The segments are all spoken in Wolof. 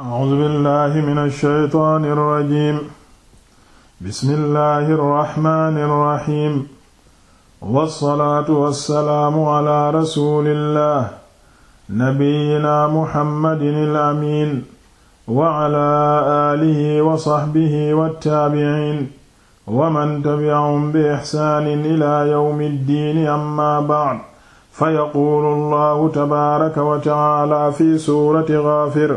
a'uuzu billahi mina shaytaani rajiim bismillahi rahmaani rahiim wassalaatu wassalaamu ala rasulillah nabiyyina muhammadin al-amiin wa ala aalihi wa sahbihi wattaabi'iin wa man tabi'ahum bi ihsaanin ila yawmi ddiini amma ba'd fa yaquulu allahu tabaaraka wa ta'aala fi suurati Ghaafir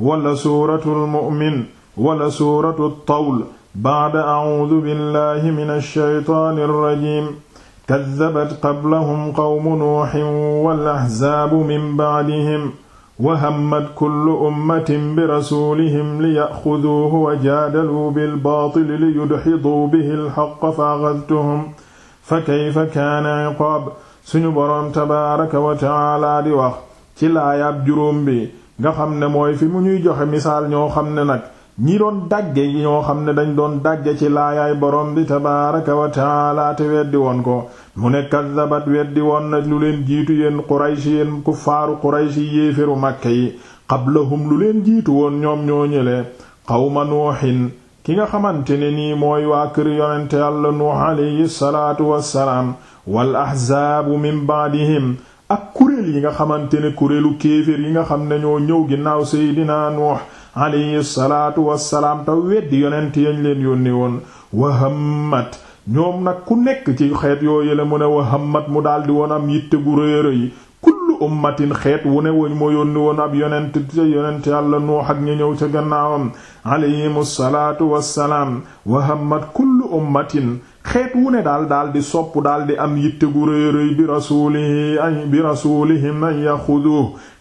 wala suuratul mu'min wala suuratul tawl ba'da a'uudu billahi minash shaytaanir rajiim kaddabat qablahum qawmu nuuhin wal ahzaabu min ba'dihim wa hammat kullu ummatin bi rasuulihim liya'xuduuhu wa jaadaluu bil baatili liyudhiduu bihi al-haqqa fa axadtuhum fa kayfa kaana iqaab suñu boroom tabaaraka wa ta'aala di wax ci laayaab juróom bi nga xam ne mooy fi mu ñuy joxe misaal ñoo xam ne nag ñi doon dàgge yi ñoo xam ne dañ doon dàgge ci laayaay borom bi tabaaraka wa taala te weddi woon ko mu ne kaddabat weddi woon na lu leen jiitu yenn yéen Quraysh yéen faaru Quraysh yi yéefiru Makka yi qablahum lu leen jiitu woon ñoom ñoo ñëlee qawma nuuhin ki nga xamante ne nii mooy waa kër yonente Yàlla Nuux alayhi salaatu wassalaam wal ahzaabu min ak kuréel yi nga xamante ne kuréelu kéeféer yi nga xam ne ñoo ñëw ginnaaw seydinaa nuux alayhi salaatu wassalaam te weddi yonent yañ leen yónni woon wahammat ñoom nag ku nekk ci xeet yoo yële mu ne wahammat mu daldi woon am yitte gu réera yi kullu ummatin xeet wu ne woñ moo yónni woon ab yonent ca yonent yàlla nuux ak ñu ñëw ca gannaawam alayhimu salaatu wassalaam wahammat kullu ummatin xeet wu ne daal daal di sopp daal di am yitte gu rëy rëy bi rasuulihi ay bi rasuulihim ay yaxudu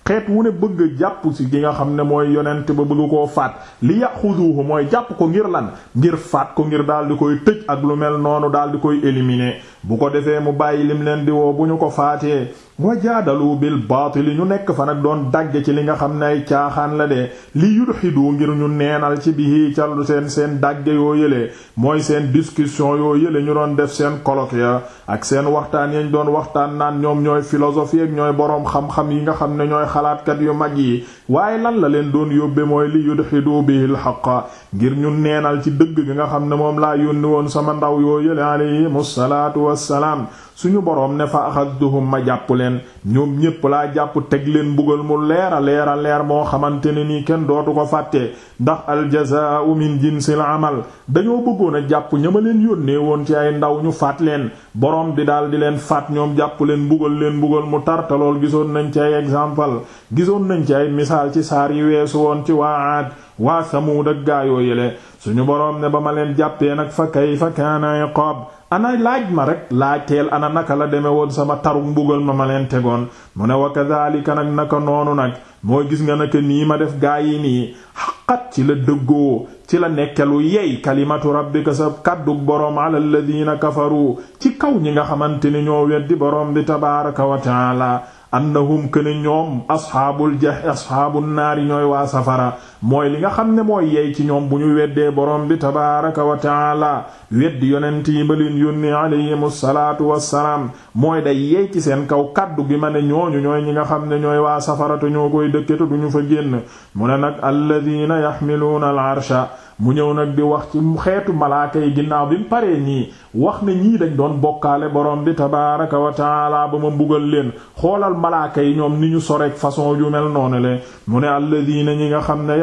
xeet wu ne bëgg jàpp ci gi nga xam ne mooy yonent ba bëgg koo faat li yaxuduhu mooy jàpp ko ngir lan ngir faat ko ngir daal di koy tëj ak lu mel noonu daal di koy éliminer bu ko defee mu bàyyi lim leen di woo bu ñu ko faatee wajaadalu bil baatili ñu nekk fa nag doon dagge ci li nga xam ne ay caaxaan la de li yudxidu ngir ñu neenal ci bihi callu seen seen dagge yoo yële mooy seen discussion yoo yële ñu doon def seen colloque ya ak seen waxtaan yañ doon waxtaan naan ñoom ñooy philosophie ak ñooy boroom xam-xam yi nga xam ne ñooy xalaatkat yu mag yi waaye lan la leen doon yóbbe mooy li yudxidu bihil xaqa ngir ñu neenal ci dëgg gi nga xam ne moom laa yónni woon sama ndaw yoo yële alayhimu salaatu wassalaam suñu boroom ne fa axadtuhum ma jàpp leen ñoom ñépp laa jàpp teg leen mbugal mu leera leera leer moo xamante ne nii kenn dootu ko fàtte ndax aljazaa'u min jinsil amal dañoo bëggoon a jàpp ñama leen yónnee woon ci ay ndaw ñu faat leen borom bi daal di leen faat ñoom jàpp leen mbugal leen mbugal mu tartalool gisoon nañ ci ay exemple gisoon nañ ci ay misaal ci saar yi weesu woon ci waa Aad waa Samuud ak gaayoo yele suñu boroom ne ba ma leen jàppee nag fa kayfa kaana iqaab ana laaj ma rek laaj teel naka la deme woon sama taru mbugal ma ma leen tegoon mu ne wa kadhalika nag naka noonu nag mooy gis nga naka nii ma def gaa yi nii xaqat ci la dëggoo ci la nekkelu yey kalimatu rabbika sa kàddug boroom ala alladhina kafaru ci kaw ñi nga xamante ni ñoo weddi boroom bi tabaraka wa taala annahum kana ñoom asxaabul jah asxaabun naari ñooy waa safara mooy li nga xam ne mooy yey ci ñoom bu ñu weddee borom bi tabaaraka wa taala weddi yonent yi ma leen yónni alayhimu salaatu salaam mooy day yey ci seen kaw kaddu gi ma ne ñooñu ñooy ñi nga xam ne ñooy waa safarata ñoo koy dëkkete duñu fa génn mu ne nag alladina yaxmiluuna al arsha mu ñëw nag di wax ci xeetu malaaka yi ginnaaw bi mu paree ñii wax ne ñii dañ doon bokkaale borom bi tabaaraka wa taala ba ma mbugal leen xoolal malaaka yi ñoom ni ñu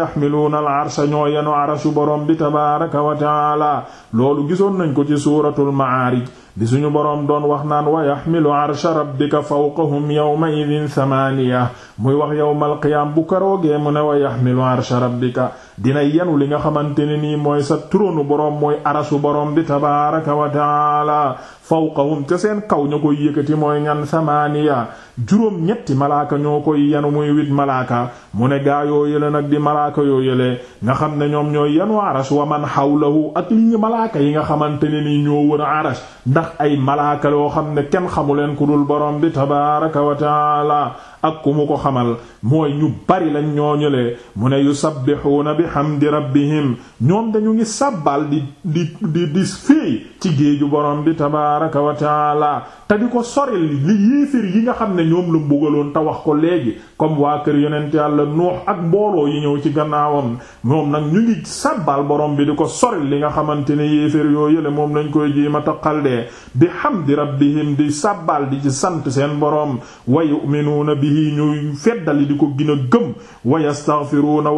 yaxmiluuna al arsha ñoo yenu arshu borom bi tabaaraka wa taala loolu gisoon nañ ko ci suuratul maarij bi suñu boroom doon wax naan wa yaxmilu arsha rabbika fawqahum yawma idin samaaniya muy wax yawmal qiyaam bu karoogee mu ne wa yaxmilu arsha rabbika dina yenu li nga xamante ne nii mooy sa trônu borom mooy arasu boroom bi tabaaraka wa taala fawqahum kaw ña koy mooy ñan samaaniya juróom malaaka ñoo koy yanu muy malaaka mu ne gaa yoo nag di malaaka yoo nga xam ne ñoom ñooy yanu aras man hawlahu ak li yi nga xamante ne nii ñoo ndax ay malaaka yoo xam ne kenn xamu leen ku dul borom bi tabaaraka wa taala ak ku mu ko xamal mooy ñu bari lañ ñoo ñële mu ne yusabbihuuna bi bihamdi rabbihim ñoom dañu ngi sabbal di di di di féey ci géeju borom bi tabaaraka wa taala te di ko soril li yéefir yi nga xam ne ñoom la mbugaloon te wax ko léegi comme waa kër yonent yàlla nuux ak mbooloo yi ñëw ci gannaawam moom nag ñu ngi sabbal borom bi di ko soril li nga xamante ne yéefir yoo yële moom lañ koy jéema taqal de bihamdi rabbihim di sabbal di ci sant seen boroom wa yu'minuuna bihi ñuy feddali di ko gën a gëm wa yastaghfiruuna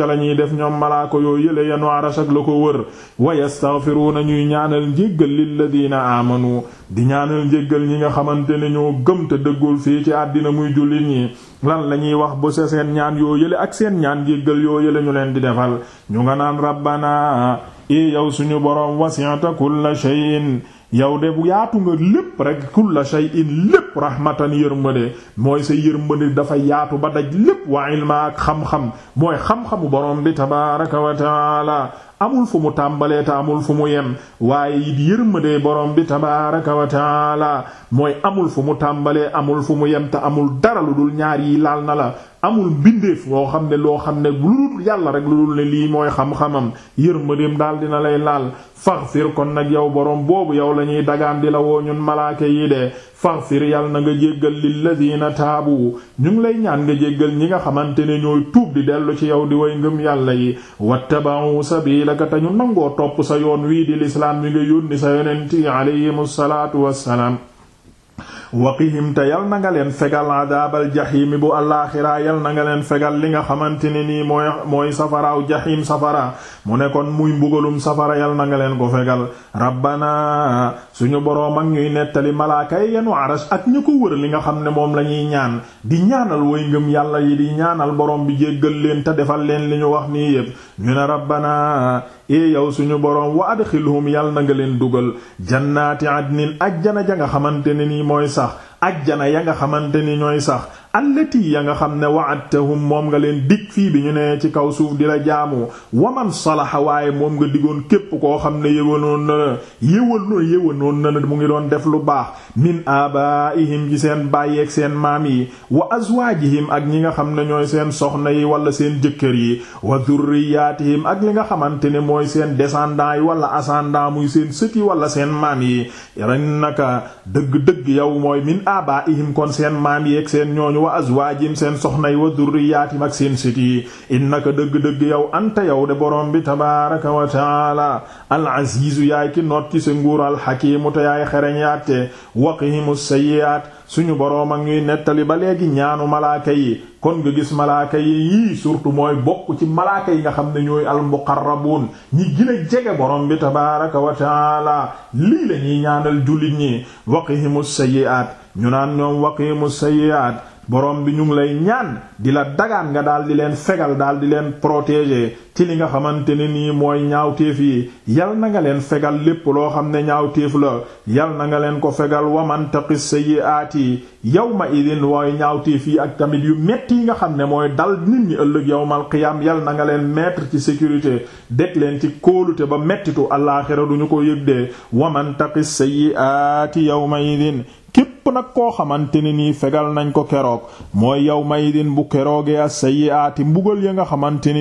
ca la ñuy def ñoom malaaka yoo yële yanu arash ak la ko wër wa yastaghfiruna ñuy ñaanal njéggal lilladina amanu di ñaanal njégal ñi nga xamante ne ñoo gëm te dëggul fii ci àddina muy jullit ñi lan la ñuy wax bu sa seen ñaan yoo yële ak seen ñaan njégal yoo yële ñu leen di defal ñu nga naan rabbana i yow suñu boroom wasi'ta kulla shay'in yow de bu yaatu nga lépp rek say shay'in lépp rahmatan yërmande mooy sa yërmande dafa yaatu ba daj lépp wa ilma ak xam-xam mooy xam-xamu borom bi tabaaraka wa taala amul fu mu tàmbalee te amul fu mu yem waaye it yërmande borom bi tabaaraka wa taala mooy amul fu mu tàmbalee amul fu mu yem te amul dara lu dul ñaar yi laal na la amul mbindeef loo xam ne loo xam ne lu dul yàlla rek lu dul ne lii mooy xam-xamam yërmandeem daal dina lay laal faghfir kon nag yow borom boobu yow la ñuy dagaan di la woo ñun malaake yi de faghfir yàlla na nga jéggal lilladina taabu ñu lay ñaan nga jéggal ñi nga xamante ne ñooy tuub di dellu ci yow di way ngëm yàlla yi wattaba'u sabilaka te ñu nangoo topp sa yoon wii di lislaam mi nga yónni sa yonent yi alayhimu wa wassalaam waqihim te yal na nga leen fegal adaabal jaxiimi bu alaaxiraa yal na nga leen fegal li nga xamante ne nii mooy mooy safaraaw jaxiim safara mu ne kon muy mbugalum safara yal na nga leen ko fegal rabbana suñu boroom ak ñuy nettali malaaka yi yenu aras ak ñu ko wër li nga xam ne moom la ñuy ñaan di ñaanal way ngëm yàlla yi di ñaanal boroom bi jéggal leen te defal leen li ñu wax nii yépp ñu ne rabbana e yow suñu boroom wa adxilhum yàlla na nga leen dugal jannaati adnin ajjana ja nga xamante ne nii mooy sax ajjana ya nga xamante ni ñooy sax allati ya nga xam ne wa'adtahum moom nga leen dig fii bi ñu ne ci kaw suuf di la jaamu waman salaha waaye moom nga digoon képp koo xam ne yëwanoon na la yëwanoon yëwanoon na la mu ngi doon def lu baax min abaihim ji seen bàyyeeg seen maam yi wa azwaajihim ak ñi nga xam ne ñooy seen soxna yi wala seen jëkkër yi wa dhurriyaatihim ak li nga xamante ne mooy seen descendants yi wala ascendants muy seen sët yi wala seen maam yi yaran naka dëgg-dëgg yow mooy min seen maam yi ak wa azwaajim seen soxna yi wa durriyaatim ak seen sët yi innaka dëgg-dëgg yow anta yow de borom bi tabaaraka wa taala al aziizu yaay ki noot ci sa nguur al xakiimu te yaay xereñ yaate waqihimu sayyi'aat suñu boroom ak ñuy nettali ba léegi ñaanu malaaka yi kon nga gis malaaka yi yii surtout mooy bokk ci malaaka yi nga xam ne ñooy al ñi gën jege borom bi tabaaraka wa taala lii la ñuy ñaanal jullit ñi waqihimu sayyi'aat ñu naan ñoom waqihimu sayyi'aat borom bi ñu lay ñaan di la dagaan nga daal di leen fegal daal di leen protéger ci li nga xamante ne nii mooy ñaawteef yi yal na nga leen fegal lépp loo xam ne ñaawteef la yal na nga leen ko fegal waman taqis sayyiati yawma idin mooy ñaawteef yi ak tamit yu metti yi nga xam ne mooy dal nit ñi ëllëg yawmal qiyaam yal na nga leen mettre ci sécurité deg leen ci kóolute ba mettitu àllaaxira duñu ko yëg de waman taqis sayyiati yawma idin képp nag koo xamante ne nii fegal nañ ko keroog mooy yawma idin bu keroogee as sayyiati mbugal nga xamante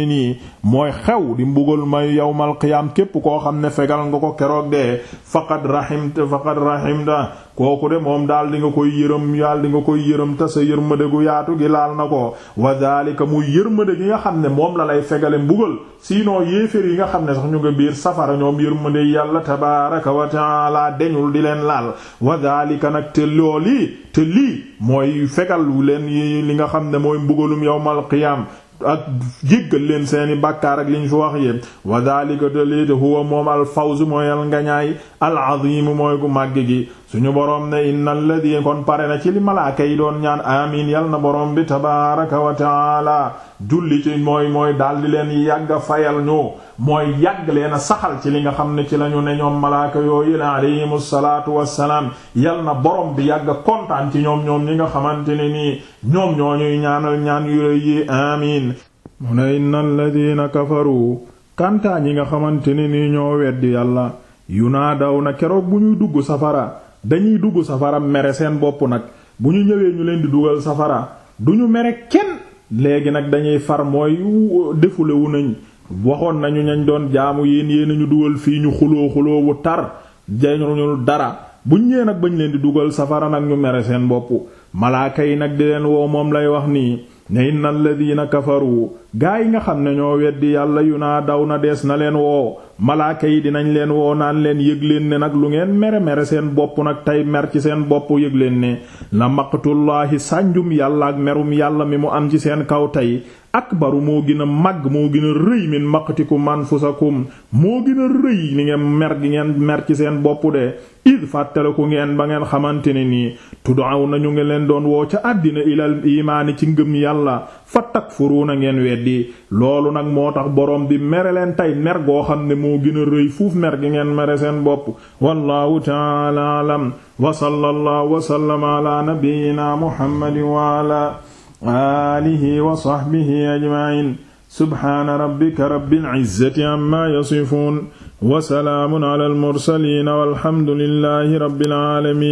mooy xew di mbugal may yawmal qiyaam képp koo xam ne fegal nga ko keroog de faqad rahimta faqad rahimta kooku de moom daal di nga koy yërëm daal di nga koy yërëm ta sa yërmande gu yaatu gi laal na ko wa zalika muy yërmande yi nga xam ne moom la lay fegale mbugal sinon yéefér yi nga xam ne sax ñu nga biir safara ñoom yërmande yàlla tabaraka wa laa deñul di leen laal wa zalika nag te lool yi te lii mooy fegal leen li nga xam ne mooy mbugalum yawmal qiyaam ak jéggal leen seeni bakkaar ak liñ fi wax yépp wa dhalika te lii de huwa moom al fawz mooy al ngañaay al azim mooy gu màgg gi suñu borom ne innal ladhi kon pare na ci li malaaka yi doon ñaan amiin yal na boroom bi tabaaraka wa taala julli ci mooy mooy daldi leen yi yàgg fayal ñu mooy yàgg leen saxal ci li nga xam ne ci lañu ne ñoom malaaka yooyu la alayhimu salaatu wassalaam yal na borom bi yàgg kontaan ci ñoom ñoom ñi nga xamante ne nii ñoom ñoo ñuy ñaanal ñaan yu yi amiin mu ne innal ladhiina kafaru kantaa ñi nga xamante ne nii ñoo weddi yàlla yu naa daw na keroog dugg safara dañuy dugg safara mere seen bopp nag bu ñu ñëwee ñu leen di dugal safara du ñu mere kenn léegi nag dañuy far mooy defule wu nañ waxoon nañu ñañ doon jaamu yéen yéen ñu dugal fii ñu xuloo xuloo wu tar jañuñu dara buñ yéen ak bañ leen di dugal safara nag ñu mere seen bopp malaaka yi nag di leen woo moom lay wax nii ne yi ladina kafaru gaa yi nga xam ne ñoo weddi yàlla yu naa daw na dees na leen woo malaaka yi dinañ leen woo naan leen yëg leen ne nag lu ngeen mere mere seen bopp nag tey mer ci seen bopp yëg leen ne la maqtullaahi sànjum yàlla ak merum yàlla mi mu am ci seen kaw tey ak baru moo gën a màgg moo gën a rëy min maqtikum anfusakum moo gën a rëy ni ngeen mer gi ngeen mer ci seen bopp de id fàttaliku ngeen ba ngeen xamante ne nii tud'aw nañu ngeen leen doon woo ca àddina ilal imaani ci ngëm yàlla fa takfuruuna ngeen wedd weddi loolu nag moo tax borom bi mere leen tey mer goo xam ne moo gën a rëy fuuf mer gi ngeen mere sen bopp wallahu ta'ala alam wa sallallahu wa sallama ala nabiyyina muhammadin wa ala alihi wa sahbihi ajma'in subhana rabbika rabbil wa salaamun ala alamin